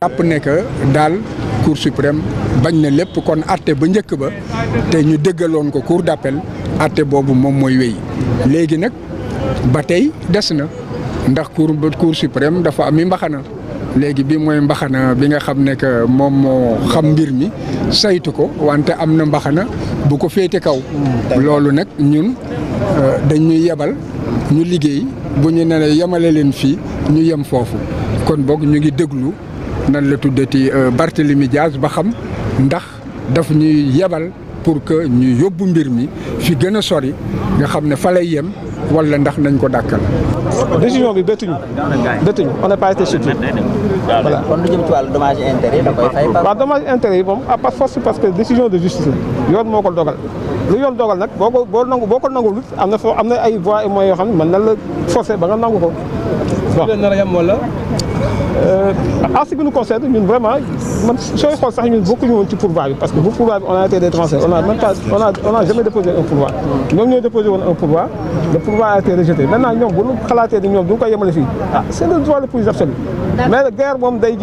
jàpp ne daal cour suprême bañ na lépp kon atte ba njëkk ba te ñu dëggaloon ko cour d'appel atte boobu moom mooy wéy léegi nag ba tey des na ndax cour cour suprême dafa am i mbaxana léegi bi mooy mbaxana bi nga xam ne moom moo xam mbir mi saytu ko wante am na mbaxana bu ko féete kaw hmm. loolu nag ñun euh, dañuy yebal ñu liggéey bu ñu ne yemale leen fii ñu yem foofu kon boog ñu ngi déglu nan la tuddati euh, Barthélémy Dias ba xam ndax daf ñuy yebal pour que ñu yóbbu mbir mi fi gën a sori nga xam ne fa lay yem wala ndax nañ ko dàkkal. décision bi bettuñu bettuñu on n'est pas été surpris voilà. kon lu jëm ci wàllu dommage intérêt da koy yi moom à pas force parce que décision de justice la yoon moo ko dogal lu yoon dogal nag boo ko boo nangu boo ko nanguwul am na foo am na ay voies et yoo xam ne mën na la forcer ba nga nangu ko. bon euh, en ce qui nous concerne ñun vraiment man sooy xool sax ñun bokkuñu woon ci pourvoi parce que bu pourvoi bi on a été des transferts on a même pas on a on a jamais déposé un pourvoi. ñoom ñoo déposé un pourvoi le pourvoi a été rejeté maintenant ñoom bu ñu xalaatee ni ñoom du ñu koy yemale fii ah c' guerre moom day